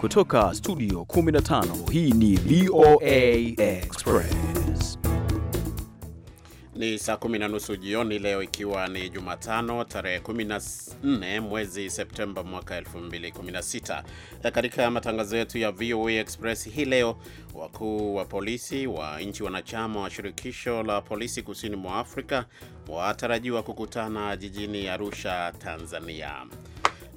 Kutoka studio 15 hii ni VOA Express. Ni saa kumi na nusu jioni leo, ikiwa ni Jumatano tarehe 14 mwezi Septemba mwaka 2016. Katika matangazo yetu ya VOA Express hii leo, wakuu wa polisi wa nchi wanachama wa shirikisho la polisi kusini mwa Afrika watarajiwa kukutana jijini Arusha, Tanzania.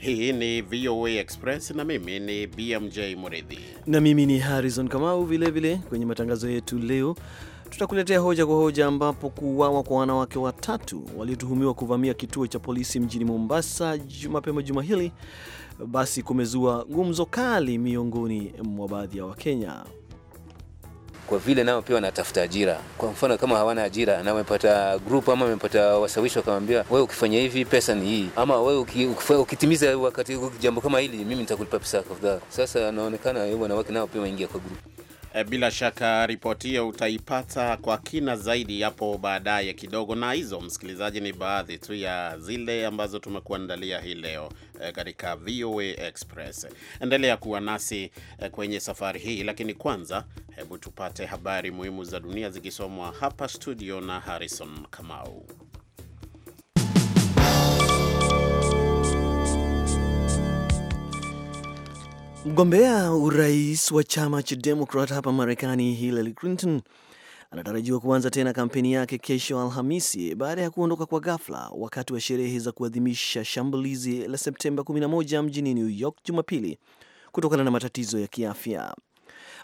Hii ni VOA Express na mimi ni BMJ Muridhi na mimi ni Harrison Kamau. Vilevile kwenye matangazo yetu leo tutakuletea hoja kwa hoja, ambapo kuuawa kwa wanawake watatu waliotuhumiwa kuvamia kituo cha polisi mjini Mombasa mapema juma hili basi kumezua gumzo kali miongoni mwa baadhi ya Wakenya kwa vile nao pia wanatafuta ajira. Kwa mfano kama hawana ajira na wamepata group ama wamepata washawishi wakamwambia, wewe ukifanya hivi pesa ni hii, ama wewe ukitimiza wakati jambo kama hili, mimi nitakulipa pesa kadhaa. Sasa naonekana wanawake nao pia waingia kwa group. Eh, bila shaka ripoti hiyo utaipata kwa kina zaidi hapo baadaye kidogo. Na hizo, msikilizaji, ni baadhi tu ya zile ambazo tumekuandalia hii leo eh, katika VOA Express. Endelea kuwa nasi eh, kwenye safari hii, lakini kwanza, hebu tupate habari muhimu za dunia zikisomwa hapa studio na Harrison Kamau. Mgombea urais wa chama cha Demokrat hapa Marekani, Hillary Clinton anatarajiwa kuanza tena kampeni yake kesho Alhamisi baada ya kuondoka kwa ghafla wakati wa sherehe za kuadhimisha shambulizi la Septemba 11 mjini New York Jumapili kutokana na matatizo ya kiafya.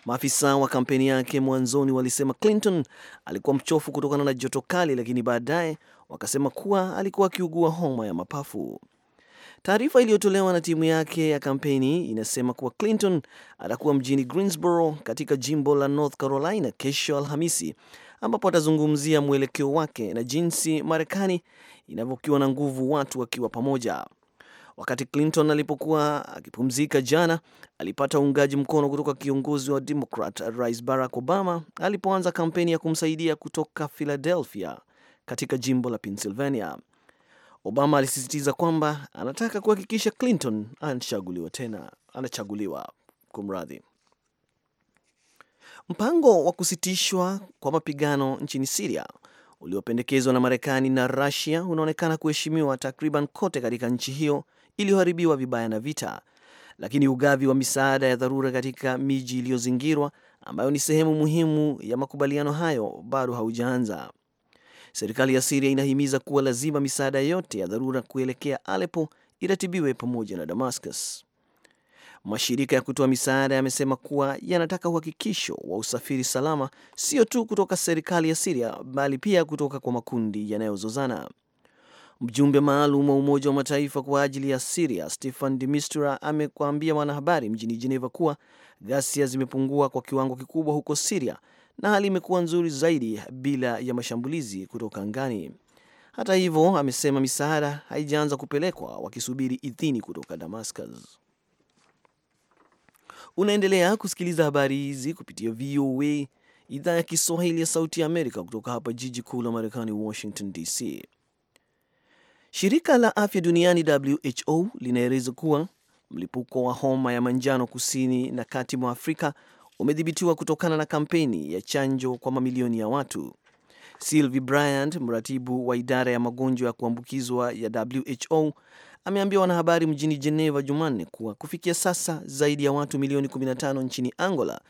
Maafisa wa kampeni yake mwanzoni walisema Clinton alikuwa mchofu kutokana na joto kali, lakini baadaye wakasema kuwa alikuwa akiugua homa ya mapafu. Taarifa iliyotolewa na timu yake ya kampeni inasema kuwa Clinton atakuwa mjini Greensboro katika jimbo la North Carolina kesho Alhamisi, ambapo atazungumzia mwelekeo wake na jinsi Marekani inavyokiwa na nguvu watu wakiwa pamoja. Wakati Clinton alipokuwa akipumzika jana, alipata uungaji mkono kutoka kiongozi wa Demokrat Rais Barack Obama alipoanza kampeni ya kumsaidia kutoka Philadelphia katika jimbo la Pennsylvania. Obama alisisitiza kwamba anataka kuhakikisha Clinton anachaguliwa tena, anachaguliwa kumradhi. Mpango wa kusitishwa kwa mapigano nchini Siria uliopendekezwa na Marekani na Rusia unaonekana kuheshimiwa takriban kote katika nchi hiyo iliyoharibiwa vibaya na vita, lakini ugavi wa misaada ya dharura katika miji iliyozingirwa ambayo ni sehemu muhimu ya makubaliano hayo bado haujaanza. Serikali ya Siria inahimiza kuwa lazima misaada yote ya dharura kuelekea alepo iratibiwe pamoja na Damascus. Mashirika ya kutoa misaada yamesema kuwa yanataka uhakikisho wa usafiri salama, sio tu kutoka serikali ya Siria bali pia kutoka kwa makundi yanayozozana. Mjumbe maalum wa Umoja wa Mataifa kwa ajili ya Siria Stefan de Mistura amekwambia wanahabari mjini Jeneva kuwa ghasia zimepungua kwa kiwango kikubwa huko Siria na hali imekuwa nzuri zaidi bila ya mashambulizi kutoka angani. Hata hivyo, amesema misaada haijaanza kupelekwa wakisubiri idhini kutoka Damascus. Unaendelea kusikiliza habari hizi kupitia VOA idhaa ya Kiswahili ya Sauti ya Amerika kutoka hapa jiji kuu la Marekani, Washington DC. Shirika la Afya Duniani WHO linaeleza kuwa mlipuko wa homa ya manjano kusini na kati mwa Afrika umedhibitiwa kutokana na kampeni ya chanjo kwa mamilioni ya watu. Sylvie Bryant, mratibu wa idara ya magonjwa ya kuambukizwa ya WHO, ameambia wanahabari mjini Geneva Jumanne kuwa kufikia sasa zaidi ya watu milioni 15 nchini Angola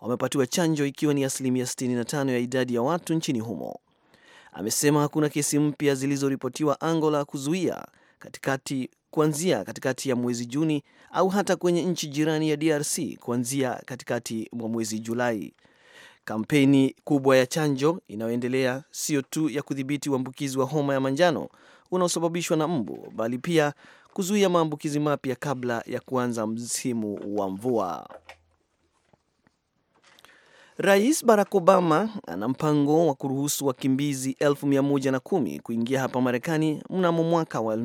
wamepatiwa chanjo ikiwa ni asilimia 65 ya idadi ya watu nchini humo. Amesema hakuna kesi mpya zilizoripotiwa Angola kuzuia katikati kuanzia katikati ya mwezi Juni au hata kwenye nchi jirani ya DRC kuanzia katikati mwa mwezi Julai. Kampeni kubwa ya chanjo inayoendelea sio tu ya kudhibiti uambukizi wa homa ya manjano unaosababishwa na mbu, bali pia kuzuia maambukizi mapya kabla ya kuanza msimu wa mvua. Rais Barack Obama ana mpango wa kuruhusu wakimbizi elfu mia moja na kumi kuingia hapa Marekani mnamo mwaka wa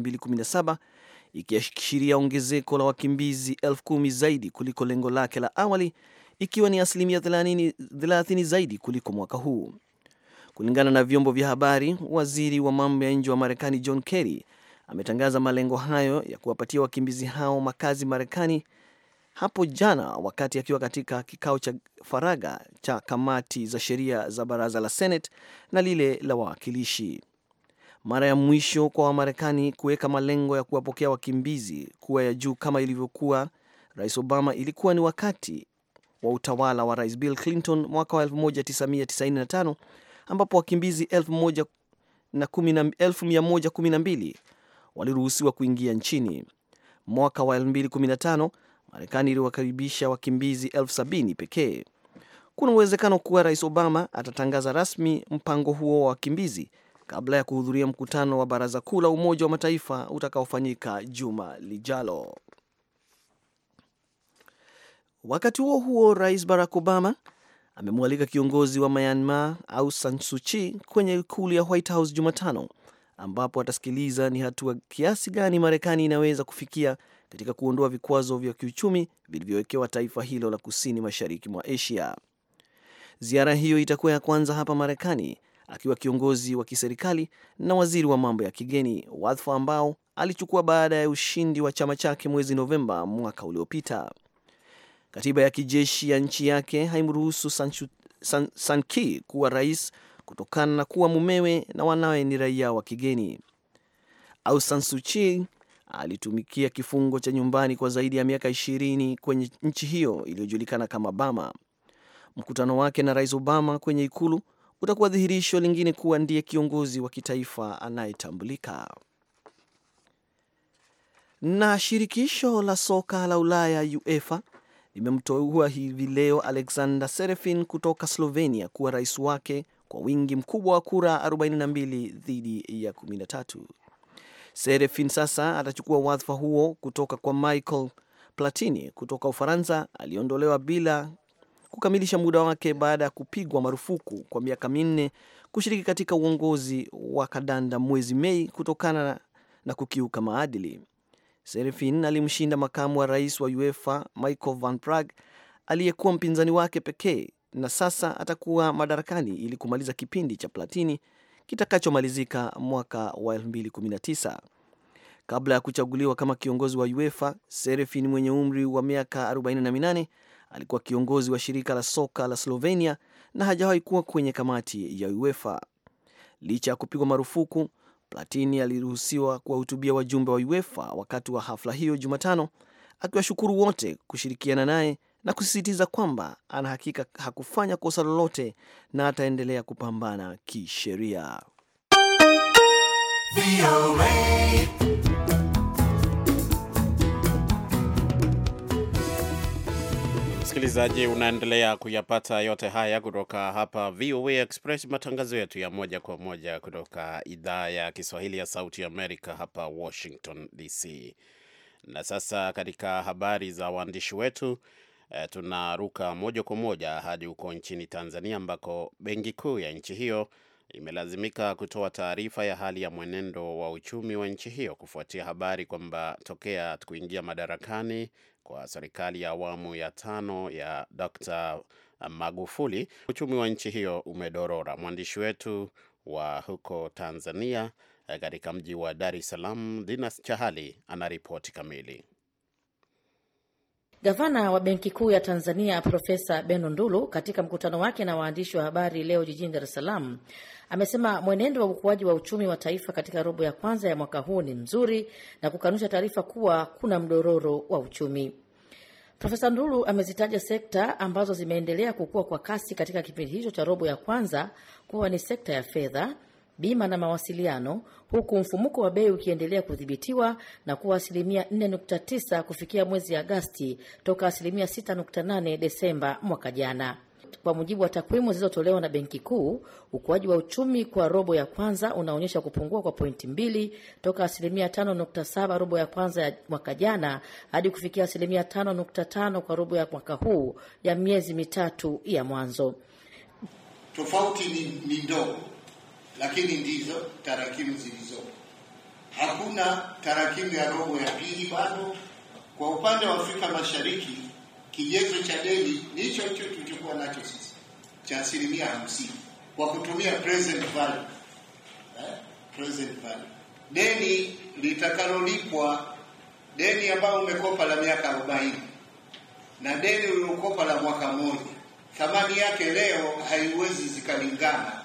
ikiashiria ongezeko la wakimbizi elfu kumi zaidi kuliko lengo lake la awali, ikiwa ni asilimia 30 zaidi kuliko mwaka huu, kulingana na vyombo vya habari. Waziri wa mambo ya nje wa Marekani John Kerry ametangaza malengo hayo ya kuwapatia wakimbizi hao makazi Marekani hapo jana wakati akiwa katika kikao cha faraga cha kamati za sheria za baraza la Senate na lile la wawakilishi mara ya mwisho kwa Wamarekani kuweka malengo ya kuwapokea wakimbizi kuwa ya juu kama ilivyokuwa Rais Obama ilikuwa ni wakati wa utawala wa Rais Bill Clinton mwaka wa 1995 ambapo wakimbizi 1112 waliruhusiwa kuingia nchini. Mwaka wa 2015 Marekani iliwakaribisha wakimbizi 70 pekee. Kuna uwezekano kuwa Rais Obama atatangaza rasmi mpango huo wa wakimbizi kabla ya kuhudhuria mkutano wa Baraza Kuu la Umoja wa Mataifa utakaofanyika juma lijalo. Wakati huo huo, Rais Barack Obama amemwalika kiongozi wa Myanmar Aung San Suu Kyi kwenye ikulu ya White House Jumatano ambapo atasikiliza ni hatua kiasi gani Marekani inaweza kufikia katika kuondoa vikwazo vya kiuchumi vilivyowekewa taifa hilo la kusini mashariki mwa Asia. Ziara hiyo itakuwa ya kwanza hapa Marekani akiwa kiongozi wa kiserikali na waziri wa mambo ya kigeni, wadhifa ambao alichukua baada ya ushindi wa chama chake mwezi Novemba mwaka uliopita. Katiba ya kijeshi ya nchi yake haimruhusu Sanki San, San kuwa rais kutokana na kuwa mumewe na wanawe ni raia wa kigeni. Aung San Suu Kyi alitumikia kifungo cha nyumbani kwa zaidi ya miaka ishirini kwenye nchi hiyo iliyojulikana kama bama Mkutano wake na Rais Obama kwenye ikulu utakuwa dhihirisho lingine kuwa ndiye kiongozi wa kitaifa anayetambulika. Na shirikisho la soka la Ulaya UEFA limemteua hivi leo Alexander Serefin kutoka Slovenia kuwa rais wake kwa wingi mkubwa wa kura 42 dhidi ya 13. Serefin sasa atachukua wadhifa huo kutoka kwa Michael Platini kutoka Ufaransa aliyeondolewa bila kukamilisha muda wake baada ya kupigwa marufuku kwa miaka minne kushiriki katika uongozi wa kadanda mwezi Mei kutokana na, na kukiuka maadili. Serifin alimshinda makamu wa rais wa UEFA Michael Van Praag aliyekuwa mpinzani wake pekee na sasa atakuwa madarakani ili kumaliza kipindi cha Platini kitakachomalizika mwaka wa 2019. Kabla ya kuchaguliwa kama kiongozi wa UEFA, Serefin mwenye umri wa miaka 48 alikuwa kiongozi wa shirika la soka la Slovenia na hajawahi kuwa kwenye kamati ya UEFA. Licha ya kupigwa marufuku, Platini aliruhusiwa kuwahutubia wajumbe wa UEFA wakati wa hafla hiyo Jumatano, akiwashukuru wote kushirikiana naye na kusisitiza kwamba anahakika hakufanya kosa lolote na ataendelea kupambana kisheria. Msikilizaji, unaendelea kuyapata yote haya kutoka hapa VOA Express, matangazo yetu ya moja kwa moja kutoka idhaa ya Kiswahili ya Sauti Amerika hapa Washington DC. Na sasa katika habari za waandishi wetu eh, tunaruka moja kwa moja hadi huko nchini Tanzania ambako benki kuu ya nchi hiyo imelazimika kutoa taarifa ya hali ya mwenendo wa uchumi wa nchi hiyo kufuatia habari kwamba tokea kuingia madarakani kwa serikali ya awamu ya tano ya Dr. Uh, Magufuli, uchumi wa nchi hiyo umedorora. Mwandishi wetu wa huko Tanzania uh, katika mji wa Dar es Salaam, Dinas Chahali ana ripoti kamili. Gavana wa Benki Kuu ya Tanzania Profesa Beno Ndulu katika mkutano wake na waandishi wa habari leo jijini Dar es Salaam amesema mwenendo wa ukuaji wa uchumi wa taifa katika robo ya kwanza ya mwaka huu ni mzuri na kukanusha taarifa kuwa kuna mdororo wa uchumi. Profesa Ndulu amezitaja sekta ambazo zimeendelea kukua kwa kasi katika kipindi hicho cha robo ya kwanza kuwa ni sekta ya fedha, bima na mawasiliano, huku mfumuko wa bei ukiendelea kudhibitiwa na kuwa asilimia 4.9 kufikia mwezi Agasti toka asilimia 6.8 Desemba mwaka jana. Kwa mujibu wa takwimu zilizotolewa na Benki Kuu, ukuaji wa uchumi kwa robo ya kwanza unaonyesha kupungua kwa pointi mbili toka asilimia 5.7 robo ya kwanza ya mwaka jana hadi kufikia asilimia 5.5 kwa robo ya mwaka huu ya miezi mitatu ya mwanzo. Tofauti ni, ni ndogo, lakini ndizo tarakimu zilizopo. Hakuna tarakimu ya robo ya pili bado. Kwa upande wa Afrika Mashariki kigezo cha deni ni hicho hicho tulichokuwa nacho sisi cha asilimia hamsini kwa kutumia present value. Eh? Present value. Deni litakalolipwa, deni ambayo umekopa la miaka 40 na deni uliokopa la mwaka mmoja, thamani yake leo haiwezi zikalingana.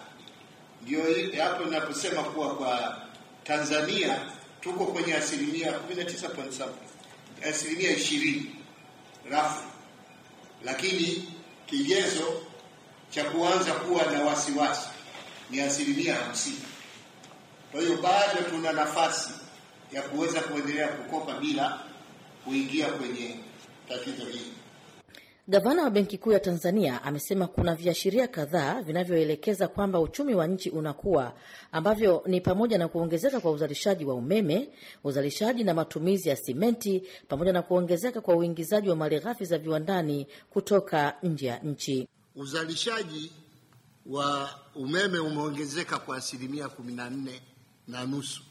Ndio hapo ninaposema kuwa kwa Tanzania tuko kwenye asilimia 19.7 asilimia 20 rafu lakini kigezo cha kuanza kuwa na wasiwasi ni asilimia hamsini. Kwa hiyo bado tuna nafasi ya kuweza kuendelea kukopa bila kuingia kwenye tatizo hili. Gavana wa Benki Kuu ya Tanzania amesema kuna viashiria kadhaa vinavyoelekeza kwamba uchumi wa nchi unakuwa ambavyo ni pamoja na kuongezeka kwa uzalishaji wa umeme, uzalishaji na matumizi ya simenti, pamoja na kuongezeka kwa uingizaji wa malighafi za viwandani kutoka nje ya nchi. Uzalishaji wa umeme umeongezeka kwa asilimia kumi na nne na nusu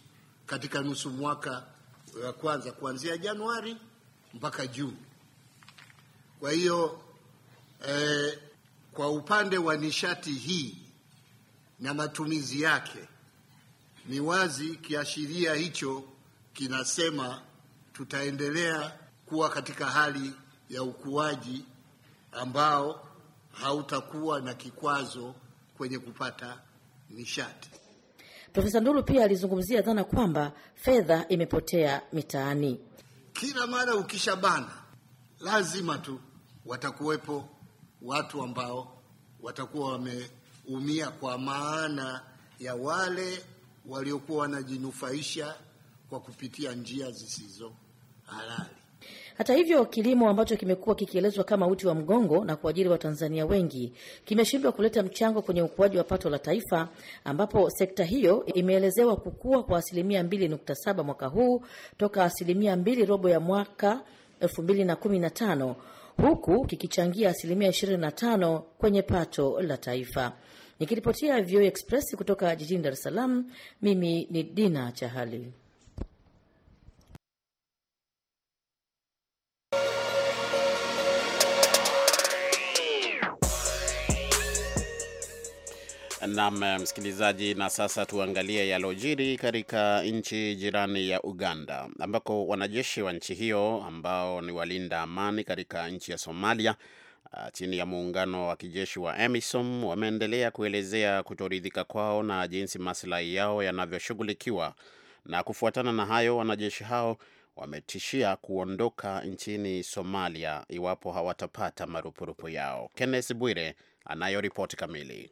katika nusu mwaka wa kwanza kuanzia Januari mpaka Juni kwa hiyo eh, kwa upande wa nishati hii na matumizi yake, ni wazi kiashiria hicho kinasema tutaendelea kuwa katika hali ya ukuaji ambao hautakuwa na kikwazo kwenye kupata nishati. Profesa Ndulu pia alizungumzia dhana kwamba fedha imepotea mitaani. Kila mara ukishabana lazima tu watakuwepo watu ambao watakuwa wameumia kwa maana ya wale waliokuwa wanajinufaisha kwa kupitia njia zisizo halali. Hata hivyo, kilimo ambacho kimekuwa kikielezwa kama uti wa mgongo na kuajiri Watanzania wengi kimeshindwa kuleta mchango kwenye ukuaji wa pato la taifa, ambapo sekta hiyo imeelezewa kukua kwa asilimia 2.7 mwaka huu toka asilimia 2 robo ya mwaka 2015 huku kikichangia asilimia 25 kwenye pato la taifa. Nikiripotia VOA Express kutoka jijini Dar es Salaam, mimi ni Dina Chahali. Naam eh, msikilizaji, na sasa tuangalie yalojiri katika nchi jirani ya Uganda, ambako wanajeshi wa nchi hiyo ambao ni walinda amani katika nchi ya Somalia ah, chini ya muungano wa kijeshi wa AMISOM wameendelea kuelezea kutoridhika kwao na jinsi maslahi yao yanavyoshughulikiwa. Na kufuatana na hayo, wanajeshi hao wametishia kuondoka nchini Somalia iwapo hawatapata marupurupu yao. Kenneth Bwire anayo ripoti kamili.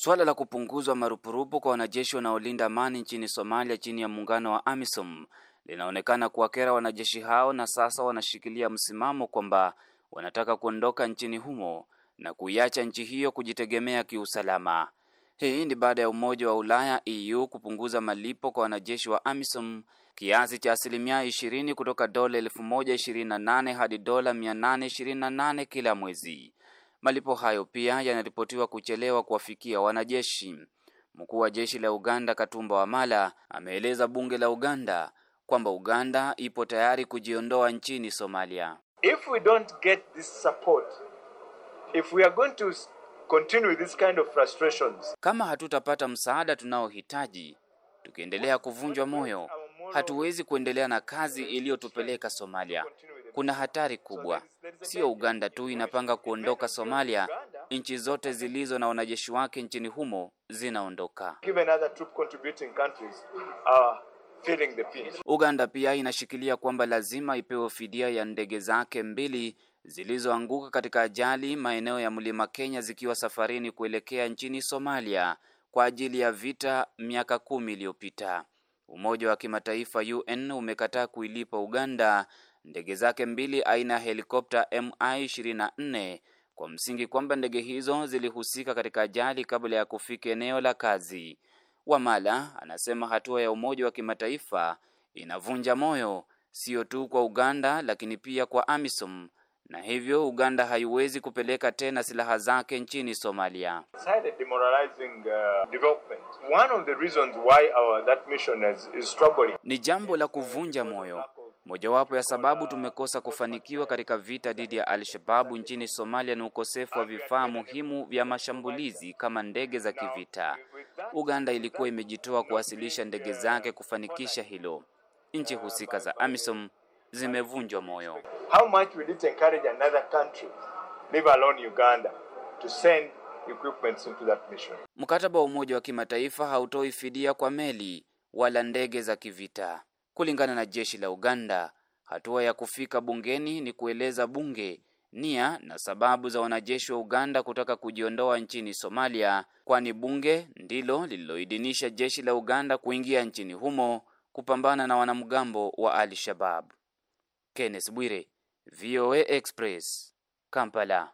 Suala la kupunguzwa marupurupu kwa wanajeshi wanaolinda amani nchini Somalia chini ya muungano wa AMISOM linaonekana kuwakera wanajeshi hao, na sasa wanashikilia msimamo kwamba wanataka kuondoka nchini humo na kuiacha nchi hiyo kujitegemea kiusalama. Hii ni baada ya Umoja wa Ulaya EU kupunguza malipo kwa wanajeshi wa AMISOM kiasi cha asilimia 20 kutoka dola 1028 hadi dola 828 kila mwezi. Malipo hayo pia yanaripotiwa kuchelewa kuwafikia wanajeshi. Mkuu wa jeshi la Uganda Katumba Wamala ameeleza bunge la Uganda kwamba Uganda ipo tayari kujiondoa nchini Somalia. If we don't get this support, if we are going to continue this kind of frustrations, kama hatutapata msaada tunaohitaji, tukiendelea kuvunjwa moyo, hatuwezi kuendelea na kazi iliyotupeleka Somalia kuna hatari kubwa. Sio Uganda tu inapanga kuondoka Somalia, nchi zote zilizo na wanajeshi wake nchini humo zinaondoka. Uganda pia inashikilia kwamba lazima ipewe fidia ya ndege zake mbili zilizoanguka katika ajali maeneo ya Mlima Kenya zikiwa safarini kuelekea nchini Somalia kwa ajili ya vita miaka kumi iliyopita. Umoja wa Kimataifa UN umekataa kuilipa Uganda ndege zake mbili aina ya helikopta Mi-24 kwa msingi kwamba ndege hizo zilihusika katika ajali kabla ya kufika eneo la kazi. Wamala anasema hatua ya Umoja wa Kimataifa inavunja moyo sio tu kwa Uganda lakini pia kwa AMISOM na hivyo Uganda haiwezi kupeleka tena silaha zake nchini Somalia. Uh, Ni jambo la kuvunja moyo. Mojawapo ya sababu tumekosa kufanikiwa katika vita dhidi ya Al-Shababu nchini Somalia ni ukosefu wa vifaa muhimu vya mashambulizi kama ndege za kivita. Uganda ilikuwa imejitoa kuwasilisha ndege zake kufanikisha hilo. Nchi husika za AMISOM zimevunjwa moyo. How much will it encourage another country, leave alone Uganda, to send equipments into that mission? Mkataba wa Umoja wa Kimataifa hautoi fidia kwa meli wala ndege za kivita. Kulingana na jeshi la Uganda, hatua ya kufika bungeni ni kueleza bunge nia na sababu za wanajeshi wa Uganda kutaka kujiondoa nchini Somalia, kwani bunge ndilo lililoidhinisha jeshi la Uganda kuingia nchini humo kupambana na wanamgambo wa Al-Shabab. Kenneth Bwire, VOA Express, Kampala.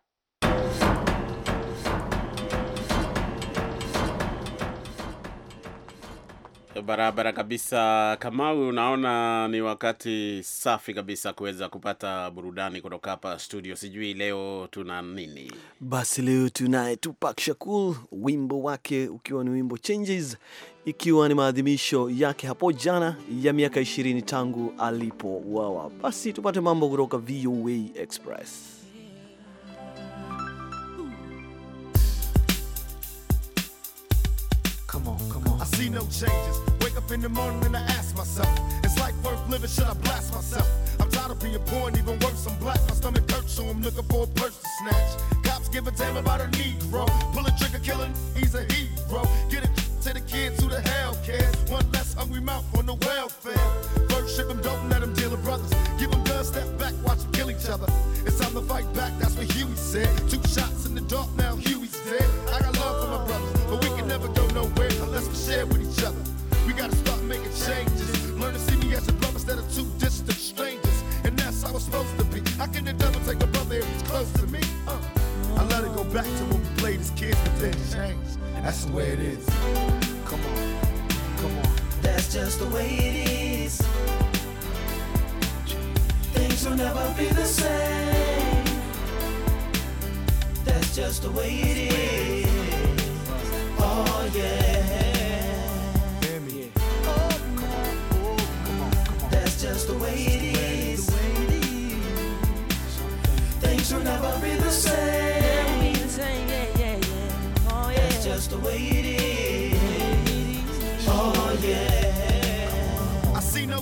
Barabara kabisa, Kamau. Unaona, ni wakati safi kabisa kuweza kupata burudani kutoka hapa studio. Sijui leo tuna nini? Basi leo tunaye Tupac Shakur, wimbo wake ukiwa ni wimbo Changes, ikiwa ni maadhimisho yake hapo jana ya miaka 20 tangu alipo wawa Basi tupate mambo kutoka VOA Express. no changes. Wake up in the morning and I ask myself, is life worth living? Should I blast myself? I'm tired of being poor and even worse, I'm black. My stomach hurts, so I'm looking for a purse to snatch. Cops give a damn about a Negro. Pull a trigger, killing, he's a hero. Get it to the kids who the hell cares. One less hungry mouth on the welfare. First ship them, don't let them deal with brothers. Give them guns, step back, watch kill each other. It's time to fight back, that's what Huey said. Two shots in the dark, now Huey's dead. I got love for my brothers nowhere unless we share with each other. We gotta start making changes. Learn to see me as a brother instead of two distant strangers. And that's how it's supposed to be. How can the devil take a brother if he's close to me? Uh, I let it go back to when we played as kids, but then changed. that's the way it is. Come on, come on. That's just the way it is. Things will never be the same. That's just the way it is the Things will never be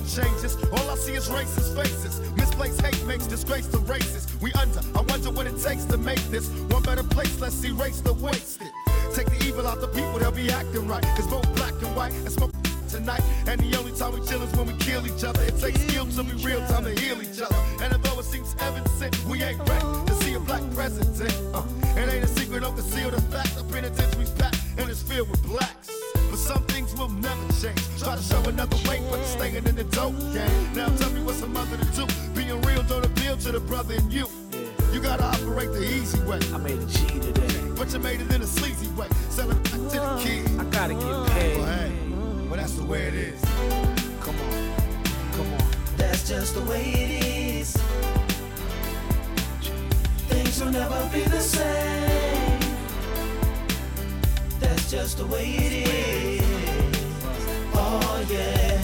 changes. All I see is racist faces. Misplaced hate makes disgrace to races. We under. I wonder what it takes to make this one better place. Let's erase the wasted evil out the people, they'll be acting right. Cause both black and white and smoke tonight. And the only time we chill is when we kill each other. It takes skill to be real time to heal each other. And although it seems evident, we ain't ready to see a black president. Uh, it ain't a secret, don't conceal the fact. The penitentiary's packed and it's filled with blacks. But some things will never change. Try to show another way, but it's staying in the dope game. Now tell me what's a mother to do. Being real don't appeal to the brother in you. You gotta operate the easy way. I made a G today. But you made it in a sleazy way back to the kids. I gotta get paid. Well, hey, well, that's the way it is. Come on, come on. That's just the way it is. Things will never be the same. That's just the way it is. Oh, yeah.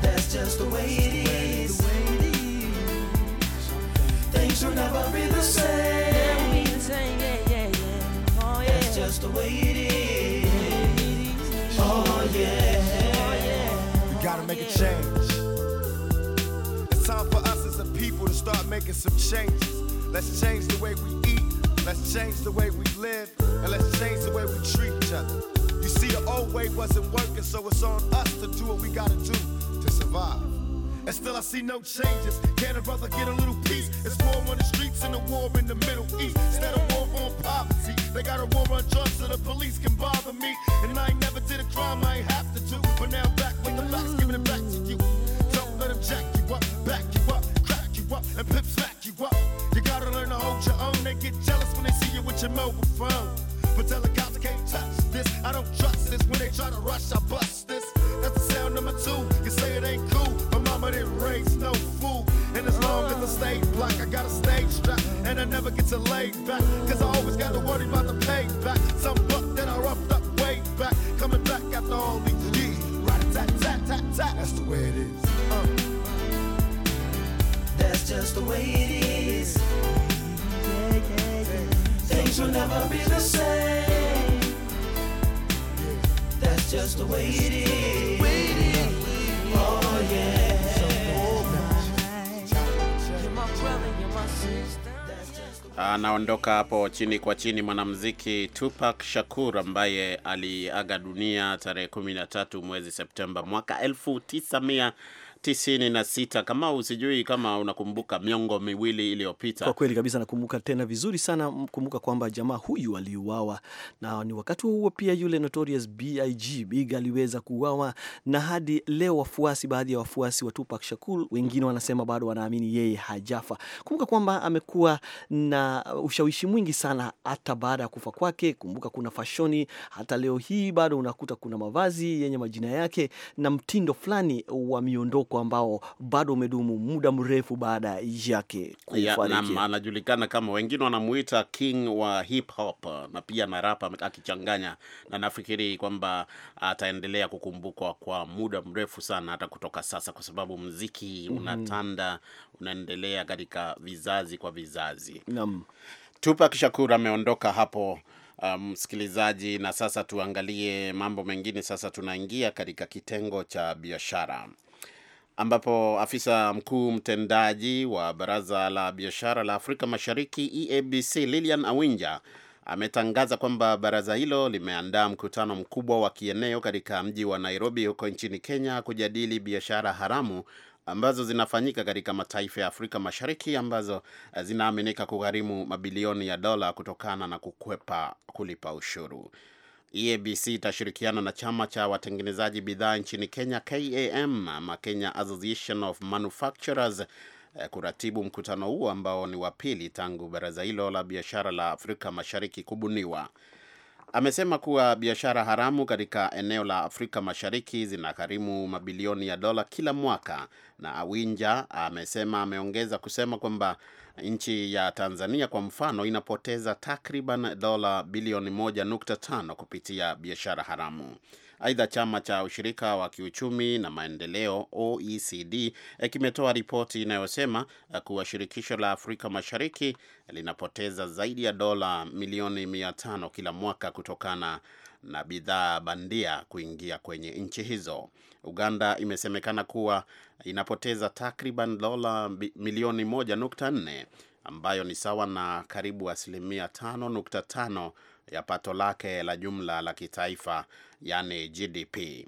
That's just the way it is. Things will never be the same. just the way it is. Oh yeah. We gotta make a change. It's time for us as a people to start making some changes. Let's change the way we eat. Let's change the way we live. And let's change the way we treat each other. You see, the old way wasn't working, so it's on us to do what we gotta do to survive. And still I see no changes. Can a brother get a little peace? It's war on the streets and a war in the Middle East. Instead of war on poverty. They got a war on drugs so the police can bother me. And I ain't never did a crime I ain't have to do. But now I'm back with the facts, giving it back to you. Don't let them jack you up, back you up, crack you up, and pimp smack you up. You gotta learn to hold your own. They get jealous when they see you with your mobile phone. But tell the cops I can't touch this. I don't trust this. When they try to rush, I bust this. That's the sound number two. You say it ain't cool. My mama didn't raise no fool. And as long as I stay black, I got to stay strapped, And I never get to lay back. Cause I always got to worry about the payback. Some buck that I roughed up way back. Coming back after all these years. Right, tat, tat, tat, tat. That's the way it is. Uh. That's just the way it is. Things will never be the same. That's just the way it is. Anaondoka hapo chini kwa chini mwanamuziki Tupac Shakur ambaye aliaga dunia tarehe 13 mwezi Septemba mwaka tisini na sita. Kama usijui kama unakumbuka miongo miwili iliyopita. Kwa kweli kabisa nakumbuka tena vizuri sana, kumbuka kwamba jamaa huyu aliuawa, na ni wakati huo pia yule Notorious BIG Big aliweza kuuawa, na hadi leo wafuasi, baadhi ya wafuasi wa Tupac Shakur, wengine wanasema bado wanaamini yeye hajafa. Kumbuka kwamba amekuwa na ushawishi mwingi sana hata baada ya kufa kwake. Kumbuka kuna fashoni hata leo hii bado unakuta kuna mavazi yenye majina yake na mtindo fulani wa miondoko mtafaruku ambao bado umedumu muda mrefu baada yake kufariki. Ya, anajulikana kama wengine wanamuita king wa hip hop na pia na akichanganya, na nafikiri kwamba ataendelea kukumbukwa kwa muda mrefu sana hata kutoka sasa, kwa sababu mziki mhm. unatanda, unaendelea katika vizazi kwa vizazi. Naam. Tupac Shakur ameondoka hapo um, msikilizaji. Um, na sasa tuangalie mambo mengine. Sasa tunaingia katika kitengo cha biashara ambapo afisa mkuu mtendaji wa Baraza la Biashara la Afrika Mashariki EABC Lilian Awinja ametangaza kwamba baraza hilo limeandaa mkutano mkubwa wa kieneo katika mji wa Nairobi huko nchini Kenya kujadili biashara haramu ambazo zinafanyika katika mataifa ya Afrika Mashariki ambazo zinaaminika kugharimu mabilioni ya dola kutokana na kukwepa kulipa ushuru. EABC itashirikiana na chama cha watengenezaji bidhaa nchini Kenya KAM ama Kenya Association of Manufacturers eh, kuratibu mkutano huo ambao ni wa pili tangu baraza hilo la biashara la Afrika Mashariki kubuniwa. Amesema kuwa biashara haramu katika eneo la Afrika Mashariki zinagharimu mabilioni ya dola kila mwaka. Na Awinja amesema ameongeza kusema kwamba Nchi ya Tanzania kwa mfano inapoteza takriban dola bilioni 1.5 kupitia biashara haramu. Aidha, chama cha ushirika wa kiuchumi na maendeleo OECD eh, kimetoa ripoti inayosema eh, kuwa shirikisho la Afrika Mashariki linapoteza zaidi ya dola milioni 500 kila mwaka kutokana na bidhaa bandia kuingia kwenye nchi hizo. Uganda imesemekana kuwa inapoteza takriban dola milioni 1.4 ambayo ni sawa na karibu asilimia 5.5 ya pato lake la jumla la kitaifa, yani GDP.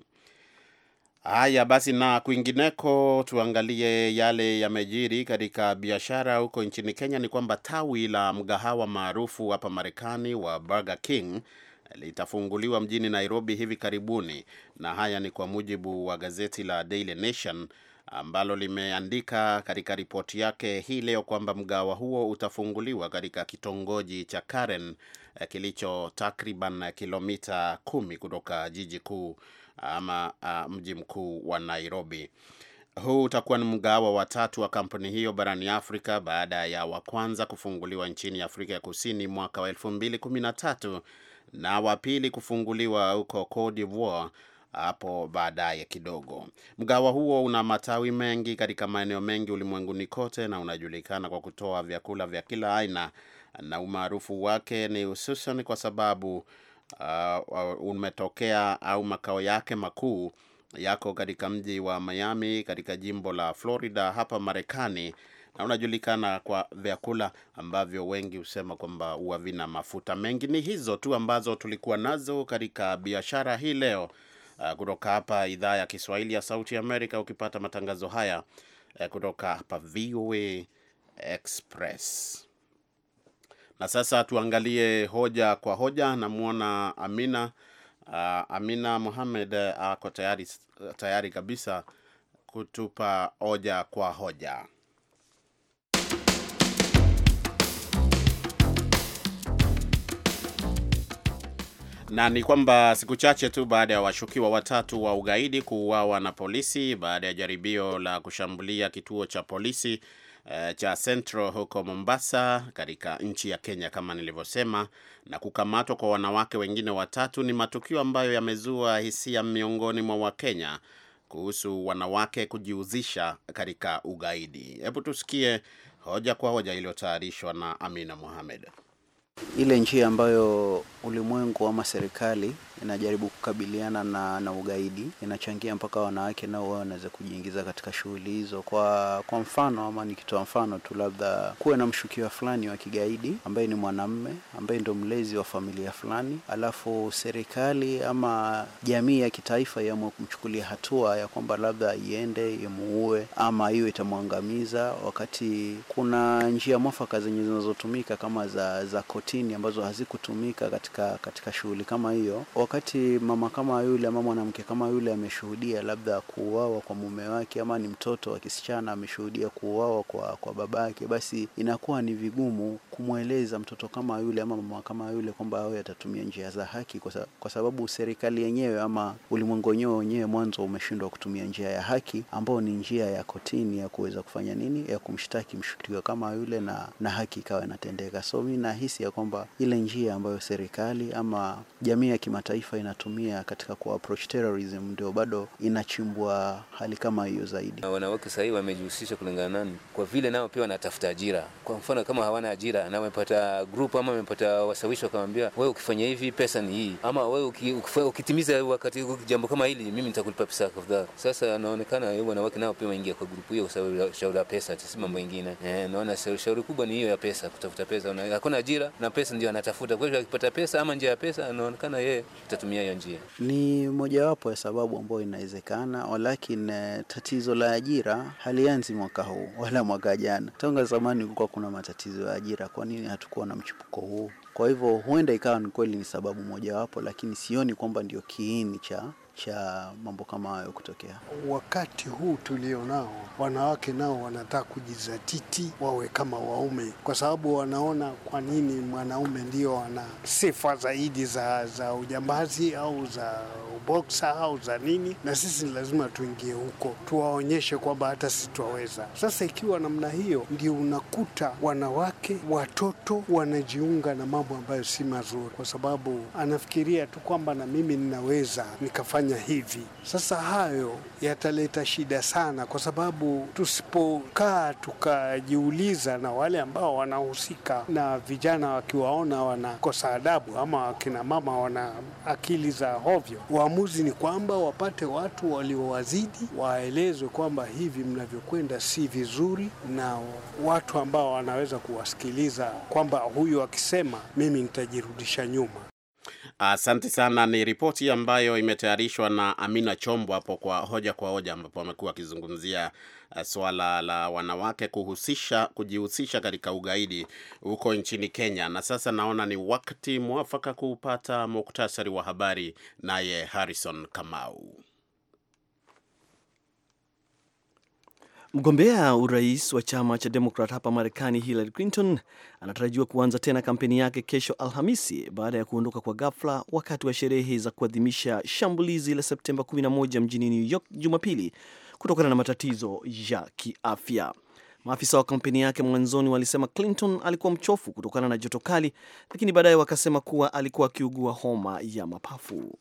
Haya basi, na kwingineko, tuangalie yale yamejiri katika biashara huko nchini Kenya. Ni kwamba tawi la mgahawa maarufu hapa Marekani wa Burger King litafunguliwa mjini Nairobi hivi karibuni, na haya ni kwa mujibu wa gazeti la Daily Nation ambalo limeandika katika ripoti yake hii leo kwamba mgawa huo utafunguliwa katika kitongoji cha Karen eh, kilicho takriban kilomita kumi kutoka jiji kuu ama ah, mji mkuu wa Nairobi. Huu utakuwa ni mgawa wa tatu wa kampuni hiyo barani Afrika baada ya wa kwanza kufunguliwa nchini Afrika ya Kusini mwaka wa 2013 na wa pili kufunguliwa huko Cote d'Ivoire hapo baadaye kidogo. Mgawa huo una matawi mengi katika maeneo mengi ulimwenguni kote na unajulikana kwa kutoa vyakula vya kila aina, na umaarufu wake ni hususan kwa sababu uh, uh umetokea au makao yake makuu yako katika mji wa Miami katika jimbo la Florida hapa Marekani na unajulikana kwa vyakula ambavyo wengi husema kwamba huwa vina mafuta mengi. Ni hizo tu ambazo tulikuwa nazo katika biashara hii leo uh, kutoka hapa idhaa ya Kiswahili ya Sauti Amerika. Ukipata matangazo haya uh, kutoka hapa VOA Express. Na sasa tuangalie hoja kwa hoja. Namwona Amina uh, Amina Mohamed uh, ako uh, tayari, tayari kabisa kutupa hoja kwa hoja. Na ni kwamba siku chache tu baada ya washukiwa watatu wa ugaidi kuuawa na polisi baada ya jaribio la kushambulia kituo cha polisi e, cha Central huko Mombasa katika nchi ya Kenya kama nilivyosema, na kukamatwa kwa wanawake wengine watatu ni matukio ambayo yamezua hisia miongoni mwa Wakenya kuhusu wanawake kujihusisha katika ugaidi. Hebu tusikie hoja kwa hoja iliyotayarishwa na Amina Mohamed ile njia ambayo ulimwengu ama serikali inajaribu kukabiliana na, na ugaidi, inachangia mpaka wanawake nao wao wanaweza kujiingiza katika shughuli hizo. Kwa kwa mfano ama nikitoa mfano tu, labda kuwe na mshukiwa fulani wa kigaidi ambaye ni mwanamme ambaye ndio mlezi wa familia fulani, alafu serikali ama jamii ya kitaifa iamue kumchukulia hatua ya kwamba labda iende imuue ama hiyo itamwangamiza, wakati kuna njia mwafaka zenye zinazotumika kama za, za kotini ambazo hazikutumika katika, katika shughuli kama hiyo wakati mama kama yule ama mwanamke kama yule ameshuhudia labda kuuawa kwa mume wake, ama ni mtoto wa kisichana ameshuhudia kuuawa kwa, kwa babake, basi inakuwa ni vigumu kumweleza mtoto kama yule ama mama kama yule kwamba awe atatumia njia za haki, kwa sababu serikali yenyewe ama ulimwengu wenyewe wenyewe mwanzo umeshindwa kutumia njia ya haki, ambayo ni njia ya kotini ya kuweza kufanya nini, ya kumshtaki mshukiwa kama yule na, na haki ikawa inatendeka. So mi nahisi ya kwamba ile njia ambayo serikali ama jamii ya kimataifa kimataifa inatumia katika kuapproach terrorism ndio bado inachimbwa hali kama hiyo zaidi. Wanawake sasa hivi wamejihusisha kulingana nani, kwa vile nao pia wanatafuta ajira. Kwa mfano kama hawana ajira na wamepata group ama wamepata wasawishi, wakamwambia wewe, ukifanya hivi pesa ni hii, ama wewe ukitimiza wakati jambo kama hili, mimi nitakulipa pesa kadhaa. Sasa anaonekana wanawake nao pia waingia kwa group hiyo, kwa sababu shauri ya pesa, si mambo mengine. Eh, naona shauri kubwa ni hiyo ya pesa, kutafuta pesa. Hakuna ajira na pesa ndio anatafuta. Kwa hiyo akipata pesa ama njia ya pesa, anaonekana yeye tutatumia hiyo njia. Ni mojawapo ya sababu ambayo inawezekana, walakin tatizo la ajira halianzi mwaka huu wala mwaka jana. Tangu zamani kulikuwa kuna matatizo ya ajira. Kwa nini hatukuwa na mchipuko huu? Kwa hivyo huenda ikawa ni kweli ni sababu mojawapo, lakini sioni kwamba ndio kiini cha cha mambo kama hayo kutokea. Wakati huu tulio nao, wanawake nao wanataka kujizatiti wawe kama waume, kwa sababu wanaona kwa nini mwanaume ndio ana sifa zaidi za, za ujambazi au za uboksa au za nini, na sisi lazima tuingie huko, tuwaonyeshe kwamba hata sisi twaweza. Sasa ikiwa namna hiyo, ndio unakuta wanawake, watoto wanajiunga na mambo ambayo si mazuri, kwa sababu anafikiria tu kwamba na mimi ninaweza nikafanya kufanya hivi. Sasa hayo yataleta shida sana, kwa sababu tusipokaa tukajiuliza, na wale ambao wanahusika na vijana wakiwaona wanakosa adabu ama wakina mama wana akili za hovyo, uamuzi ni kwamba wapate watu waliowazidi, waelezwe kwamba hivi mnavyokwenda si vizuri, na watu ambao wanaweza kuwasikiliza kwamba huyu akisema mimi nitajirudisha nyuma. Asante sana. Ni ripoti ambayo imetayarishwa na Amina Chombo hapo kwa hoja kwa hoja, ambapo amekuwa akizungumzia eh, swala la wanawake kuhusisha kujihusisha katika ugaidi huko nchini Kenya. Na sasa naona ni wakati mwafaka kuupata muktasari wa habari, naye Harrison Kamau. Mgombea urais wa chama cha Demokrat hapa Marekani, Hillary Clinton anatarajiwa kuanza tena kampeni yake kesho Alhamisi baada ya kuondoka kwa ghafla wakati wa sherehe za kuadhimisha shambulizi la Septemba 11 mjini New York Jumapili kutokana na matatizo ya kiafya. Maafisa wa kampeni yake mwanzoni walisema Clinton alikuwa mchofu kutokana na joto kali, lakini baadaye wakasema kuwa alikuwa akiugua homa ya mapafu.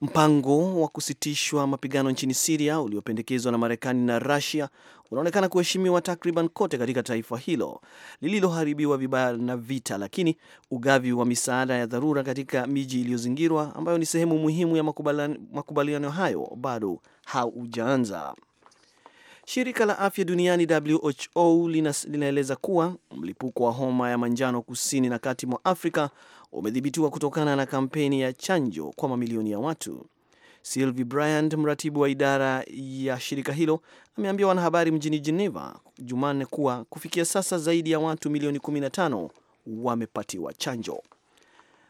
Mpango wa kusitishwa mapigano nchini Siria uliopendekezwa na Marekani na Rusia unaonekana kuheshimiwa takriban kote katika taifa hilo lililoharibiwa vibaya na vita, lakini ugavi wa misaada ya dharura katika miji iliyozingirwa ambayo ni sehemu muhimu ya makubaliano hayo bado haujaanza. Shirika la afya duniani WHO linaeleza kuwa mlipuko wa homa ya manjano kusini na kati mwa Afrika umedhibitiwa kutokana na kampeni ya chanjo kwa mamilioni ya watu. Sylvie Bryant, mratibu wa idara ya shirika hilo, ameambia wanahabari mjini Geneva Jumanne kuwa kufikia sasa zaidi ya watu milioni 15 wamepatiwa chanjo.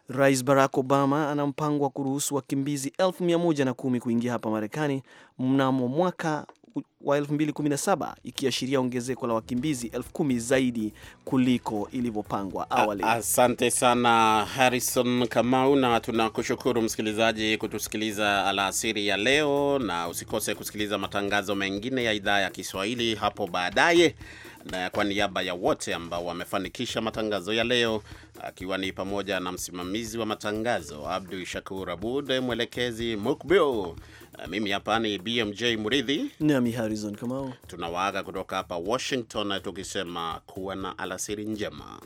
Rais Barack Obama ana mpango wa kuruhusu wakimbizi elfu mia moja na kumi kuingia hapa Marekani mnamo mwaka wa 2017 ikiashiria ongezeko la wakimbizi elfu kumi zaidi kuliko ilivyopangwa awali. Asante sana Harrison Kamau, na tunakushukuru msikilizaji kutusikiliza alasiri ya leo, na usikose kusikiliza matangazo mengine ya idhaa ya Kiswahili hapo baadaye. Na kwa niaba ya wote ambao wamefanikisha matangazo ya leo, akiwa ni pamoja na msimamizi wa matangazo Abdu Shakur Abud, mwelekezi Mukbil Uh, mimi hapa ni BMJ Muridhi nami Harrison Kamau, tunawaaga kutoka hapa Washington tukisema kuwa na alasiri njema.